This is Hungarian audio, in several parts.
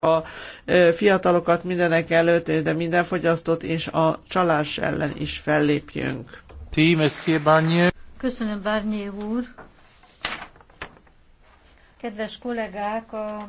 a fiatalokat mindenek előtt, de minden fogyasztót és a csalás ellen is fellépjünk. Köszönöm, Barnier úr! Kedves kollégák, a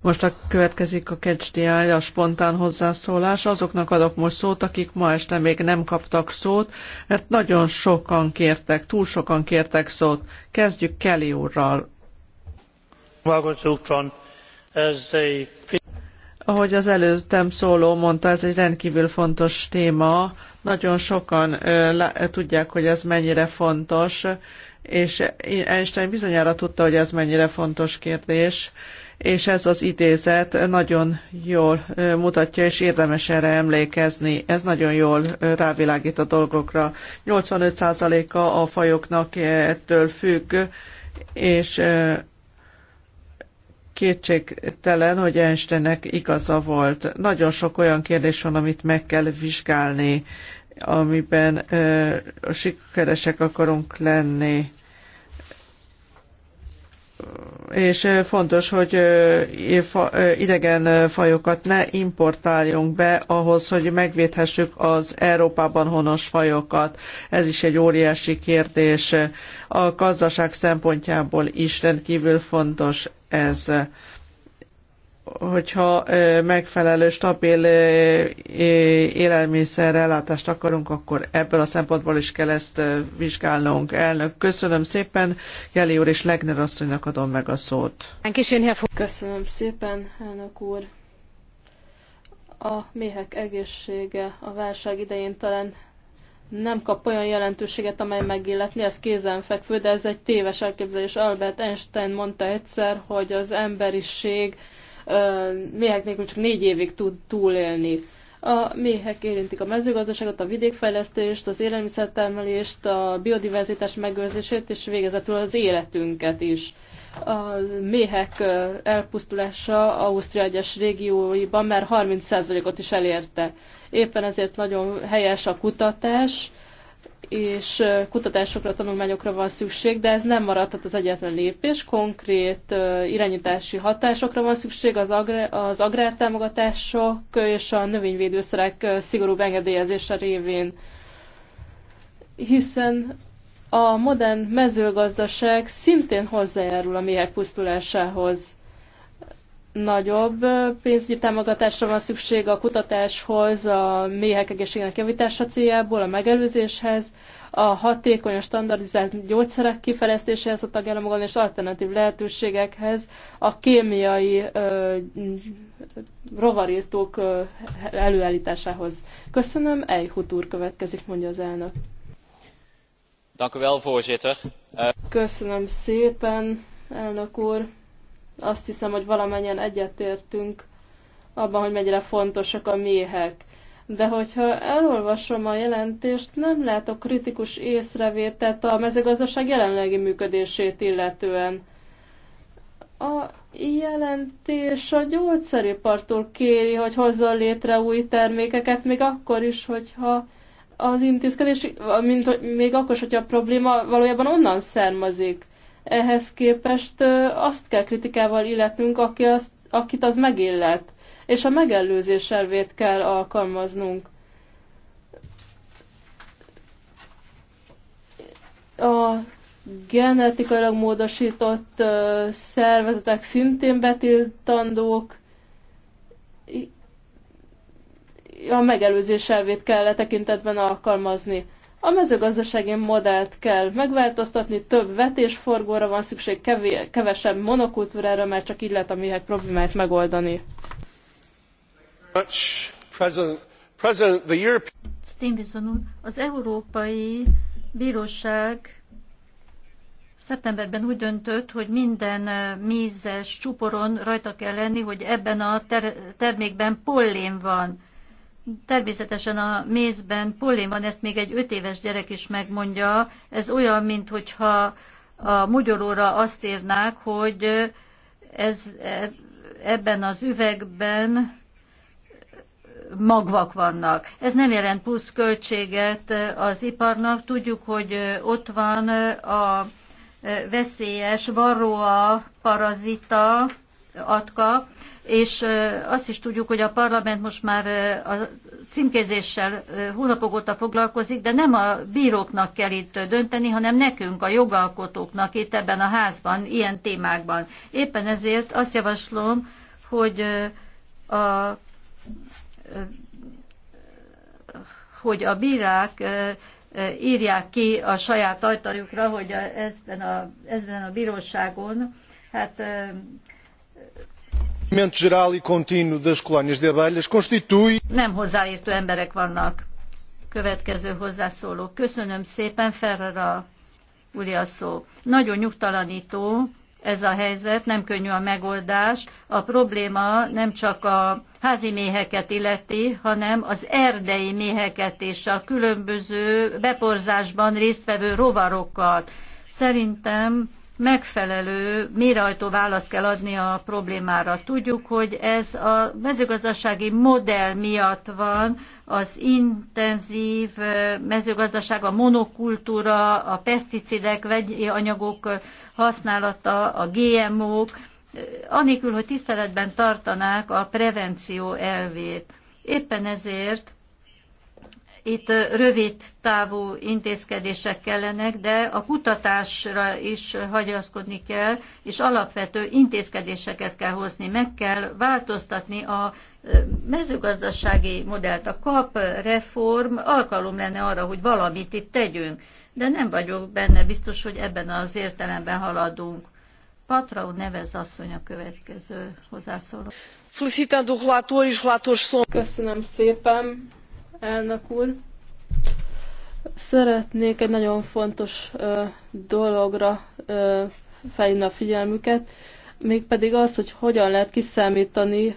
Most a következik a KCDI, a spontán hozzászólás. Azoknak adok most szót, akik ma este még nem kaptak szót, mert nagyon sokan kértek, túl sokan kértek szót. Kezdjük Kelly úrral. Ahogy az előttem szóló mondta, ez egy rendkívül fontos téma. Nagyon sokan ö, tudják, hogy ez mennyire fontos és Einstein bizonyára tudta, hogy ez mennyire fontos kérdés, és ez az idézet nagyon jól mutatja, és érdemes erre emlékezni. Ez nagyon jól rávilágít a dolgokra. 85%-a a fajoknak ettől függ, és kétségtelen, hogy Einsteinnek igaza volt. Nagyon sok olyan kérdés van, amit meg kell vizsgálni amiben a sikeresek akarunk lenni. És fontos, hogy idegen fajokat ne importáljunk be ahhoz, hogy megvédhessük az Európában honos fajokat. Ez is egy óriási kérdés. A gazdaság szempontjából is rendkívül fontos ez hogyha megfelelő, stabil élelmiszer akarunk, akkor ebből a szempontból is kell ezt vizsgálnunk. Elnök, köszönöm szépen. Jeli úr és Legner asszonynak adom meg a szót. Köszönöm szépen, elnök úr. A méhek egészsége a válság idején talán nem kap olyan jelentőséget, amely megilletni, ez kézenfekvő, de ez egy téves elképzelés. Albert Einstein mondta egyszer, hogy az emberiség méhek nélkül csak négy évig tud túlélni. A méhek érintik a mezőgazdaságot, a vidékfejlesztést, az élelmiszertermelést, a biodiverzitás megőrzését és végezetül az életünket is. A méhek elpusztulása Ausztria egyes régióiban már 30%-ot is elérte. Éppen ezért nagyon helyes a kutatás, és kutatásokra, tanulmányokra van szükség, de ez nem maradhat az egyetlen lépés. Konkrét irányítási hatásokra van szükség az, agrár, az agrártámogatások és a növényvédőszerek szigorú engedélyezése révén. Hiszen a modern mezőgazdaság szintén hozzájárul a méhek pusztulásához nagyobb pénzügyi támogatásra van szükség a kutatáshoz, a méhek egészségének javítása céljából, a megelőzéshez, a hatékony, a standardizált gyógyszerek kifejlesztéséhez a tagállamokon és alternatív lehetőségekhez, a kémiai ö, rovarírtók ö, előállításához. Köszönöm, egy úr következik, mondja az elnök. Dank u wel, voorzitter. Köszönöm szépen, elnök úr. Azt hiszem, hogy valamennyien egyetértünk abban, hogy mennyire fontosak a méhek. De hogyha elolvasom a jelentést, nem látok kritikus észrevételt a mezőgazdaság jelenlegi működését illetően. A jelentés a gyógyszeripartól kéri, hogy hozza létre új termékeket, még akkor is, hogyha az intézkedés, mint, még akkor is, hogyha a probléma valójában onnan származik. Ehhez képest azt kell kritikával illetnünk, aki az akit az megillet, és a megelőzés elvét kell alkalmaznunk. A genetikailag módosított szervezetek szintén betiltandók, a megelőzés elvét kell e tekintetben alkalmazni. A mezőgazdasági modellt kell megváltoztatni, több vetésforgóra van szükség, kevés, kevesebb monokultúrára, mert csak így lehet a műhely problémáit megoldani. Stevenson úr, az Európai Bíróság szeptemberben úgy döntött, hogy minden eh, mézes csuporon rajta kell lenni, hogy ebben a ter- termékben pollén van Természetesen a mézben pollén van, ezt még egy öt éves gyerek is megmondja. Ez olyan, mintha a mogyoróra azt írnák, hogy ez, e, ebben az üvegben magvak vannak. Ez nem jelent plusz költséget az iparnak. Tudjuk, hogy ott van a veszélyes varroa parazita, atka, és azt is tudjuk, hogy a parlament most már a címkézéssel hónapok óta foglalkozik, de nem a bíróknak kell itt dönteni, hanem nekünk, a jogalkotóknak itt ebben a házban, ilyen témákban. Éppen ezért azt javaslom, hogy a hogy a bírák írják ki a saját ajtajukra, hogy ezben a, ezben a bíróságon hát E nem hozzáértő emberek vannak. Következő hozzászóló. Köszönöm szépen, Ferrara úri a szó. Nagyon nyugtalanító ez a helyzet, nem könnyű a megoldás. A probléma nem csak a házi méheket illeti, hanem az erdei méheket és a különböző beporzásban résztvevő rovarokat. Szerintem megfelelő, mérajtó választ kell adni a problémára. Tudjuk, hogy ez a mezőgazdasági modell miatt van, az intenzív mezőgazdaság, a monokultúra, a peszticidek, vegyi anyagok használata, a GMO-k, anélkül, hogy tiszteletben tartanák a prevenció elvét. Éppen ezért itt rövid távú intézkedések kellenek, de a kutatásra is hagyaszkodni kell, és alapvető intézkedéseket kell hozni. Meg kell változtatni a mezőgazdasági modellt. A kap reform alkalom lenne arra, hogy valamit itt tegyünk, de nem vagyok benne biztos, hogy ebben az értelemben haladunk. Patrau nevez asszony a következő hozzászóló. E Köszönöm szépen elnök úr. Szeretnék egy nagyon fontos ö, dologra felhívni a figyelmüket, mégpedig az, hogy hogyan lehet kiszámítani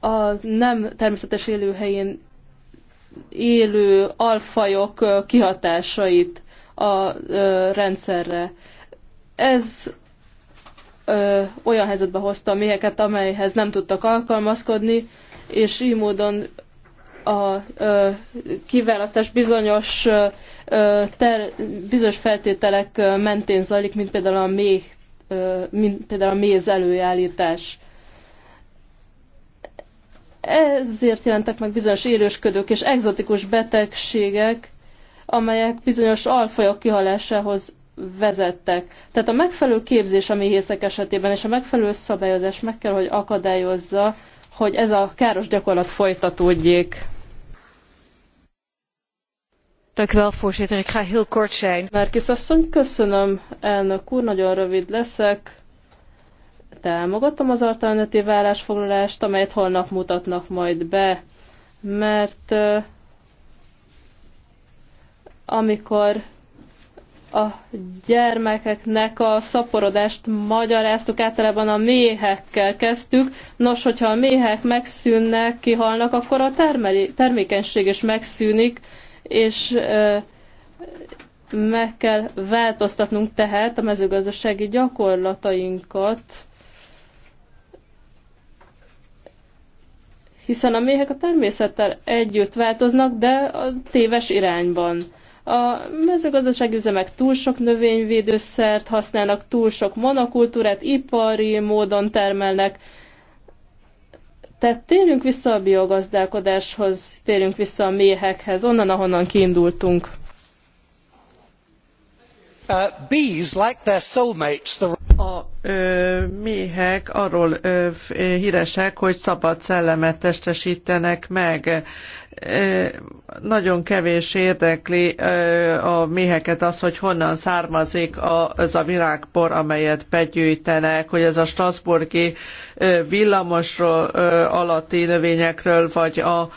a nem természetes élőhelyén élő alfajok kihatásait a ö, rendszerre. Ez ö, olyan helyzetbe hozta a méheket, amelyhez nem tudtak alkalmazkodni, és így módon a ö, kiválasztás bizonyos, ö, ter, bizonyos feltételek mentén zajlik, mint például a, méh, ö, mint például a méz előállítás. Ezért jelentek meg bizonyos élősködők és egzotikus betegségek, amelyek bizonyos alfajok kihalásához vezettek. Tehát a megfelelő képzés a méhészek esetében és a megfelelő szabályozás meg kell, hogy akadályozza hogy ez a káros gyakorlat folytatódjék. Dank u wel, voorzitter. Ik ga heel kort zijn. Merkis asszony, köszönöm, elnök úr, nagyon rövid leszek. Támogatom az alternatív állásfoglalást, amelyet holnap mutatnak majd be, mert amikor a gyermekeknek a szaporodást magyaráztuk, általában a méhekkel kezdtük. Nos, hogyha a méhek megszűnnek, kihalnak, akkor a termeli, termékenység is megszűnik, és ö, meg kell változtatnunk tehát a mezőgazdasági gyakorlatainkat, hiszen a méhek a természettel együtt változnak, de a téves irányban a mezőgazdasági üzemek túl sok növényvédőszert használnak, túl sok monokultúrát, ipari módon termelnek. Tehát térjünk vissza a biogazdálkodáshoz, térjünk vissza a méhekhez, onnan, ahonnan kiindultunk. Uh, a ö, méhek arról ö, híresek, hogy szabad szellemet testesítenek meg nagyon kevés érdekli a méheket az, hogy honnan származik az a virágpor, amelyet begyűjtenek, hogy ez a Strasburgi villamos alatti növényekről, vagy a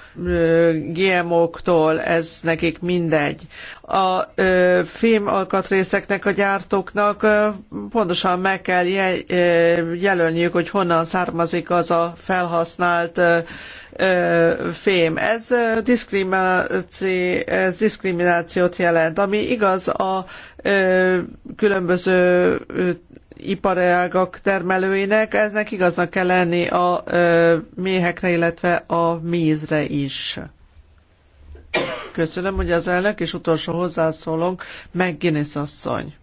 GMO-któl, ez nekik mindegy. A fémalkatrészeknek, a gyártóknak pontosan meg kell jelölniük, hogy honnan származik az a felhasznált fém. Ez, diszkrimináció, ez diszkriminációt jelent, ami igaz a különböző iparágak termelőinek, eznek igaznak kell lenni a méhekre, illetve a mézre is. Köszönöm, hogy az elnök, és utolsó hozzászólónk, McGuinness asszony.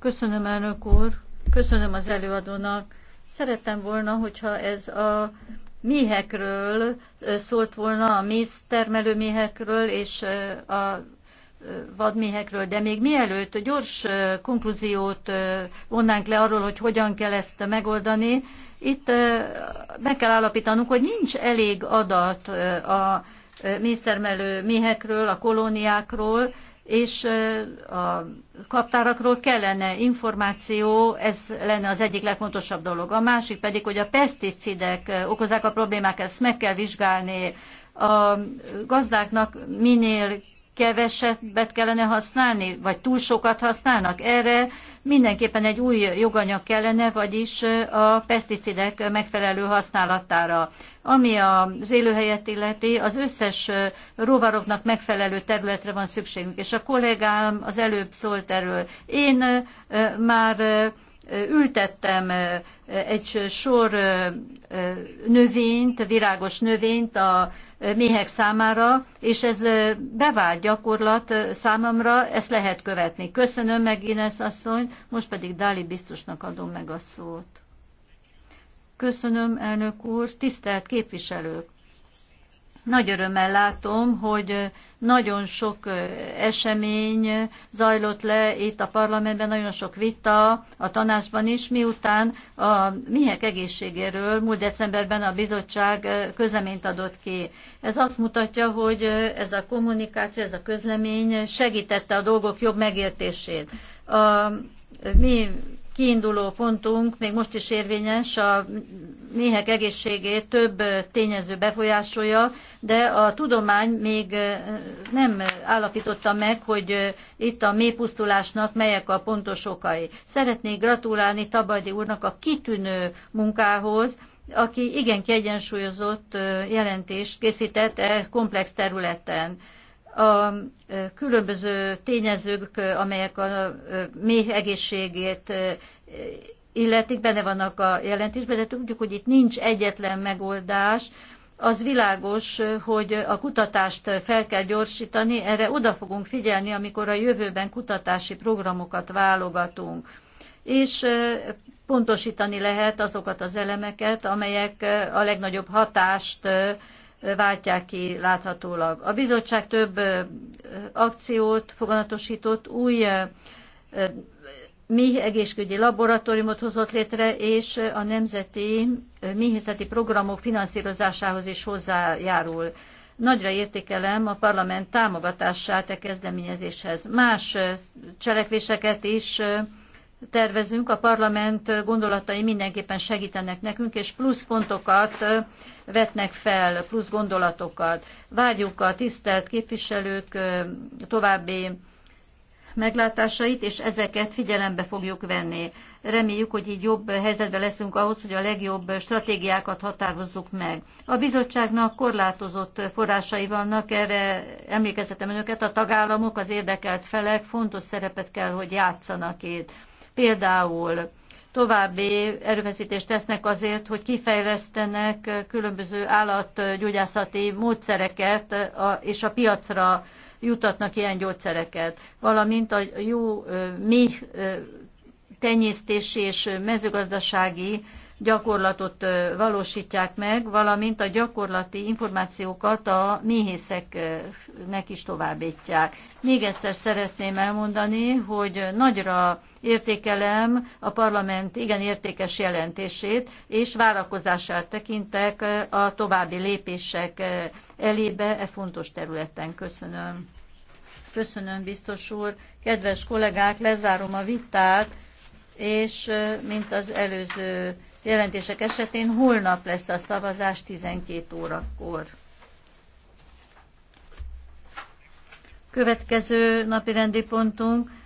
Köszönöm, elnök úr. Köszönöm az előadónak. Szerettem volna, hogyha ez a méhekről szólt volna, a termelő méhekről és a vadméhekről, de még mielőtt gyors konklúziót vonnánk le arról, hogy hogyan kell ezt megoldani, itt meg kell állapítanunk, hogy nincs elég adat a méztermelő méhekről, a kolóniákról, és a kaptárakról kellene információ, ez lenne az egyik legfontosabb dolog. A másik pedig, hogy a peszticidek okozzák a problémákat, ezt meg kell vizsgálni. A gazdáknak minél kevesebbet kellene használni, vagy túl sokat használnak. Erre mindenképpen egy új joganyag kellene, vagyis a peszticidek megfelelő használatára. Ami az élőhelyet illeti, az összes rovaroknak megfelelő területre van szükségünk, és a kollégám az előbb szólt erről. Én már ültettem egy sor növényt, virágos növényt a méhek számára, és ez bevált gyakorlat számomra, ezt lehet követni. Köszönöm meg Ines asszony, most pedig Dáli biztosnak adom meg a szót. Köszönöm, elnök úr, tisztelt képviselők! Nagy örömmel látom, hogy nagyon sok esemény zajlott le itt a parlamentben, nagyon sok vita a tanácsban is, miután a mihek egészségéről múlt decemberben a bizottság közleményt adott ki. Ez azt mutatja, hogy ez a kommunikáció, ez a közlemény segítette a dolgok jobb megértését. A mi kiinduló pontunk még most is érvényes, a méhek egészségét több tényező befolyásolja, de a tudomány még nem állapította meg, hogy itt a mépusztulásnak melyek a pontos okai. Szeretnék gratulálni Tabajdi úrnak a kitűnő munkához, aki igen kiegyensúlyozott jelentést készített e komplex területen a különböző tényezők, amelyek a méh egészségét illetik, benne vannak a jelentésben, de tudjuk, hogy itt nincs egyetlen megoldás. Az világos, hogy a kutatást fel kell gyorsítani, erre oda fogunk figyelni, amikor a jövőben kutatási programokat válogatunk. És pontosítani lehet azokat az elemeket, amelyek a legnagyobb hatást váltják ki láthatólag. A bizottság több akciót foganatosított, új mi egészségügyi laboratóriumot hozott létre, és a nemzeti méhészeti programok finanszírozásához is hozzájárul. Nagyra értékelem a parlament támogatását a e kezdeményezéshez. Más cselekvéseket is tervezünk, a parlament gondolatai mindenképpen segítenek nekünk, és plusz pontokat vetnek fel, plusz gondolatokat. Várjuk a tisztelt képviselők további meglátásait, és ezeket figyelembe fogjuk venni. Reméljük, hogy így jobb helyzetben leszünk ahhoz, hogy a legjobb stratégiákat határozzuk meg. A bizottságnak korlátozott forrásai vannak, erre emlékeztetem önöket, a tagállamok, az érdekelt felek fontos szerepet kell, hogy játszanak itt. Például további erőfeszítést tesznek azért, hogy kifejlesztenek különböző állatgyógyászati módszereket, és a piacra jutatnak ilyen gyógyszereket, valamint a jó mi tenyésztési és mezőgazdasági gyakorlatot valósítják meg, valamint a gyakorlati információkat a méhészeknek is továbbítják. Még egyszer szeretném elmondani, hogy nagyra értékelem a parlament igen értékes jelentését, és várakozását tekintek a további lépések elébe e fontos területen. Köszönöm. Köszönöm, biztos úr. Kedves kollégák, lezárom a vitát és mint az előző jelentések esetén holnap lesz a szavazás 12 órakor. Következő napi rendi pontunk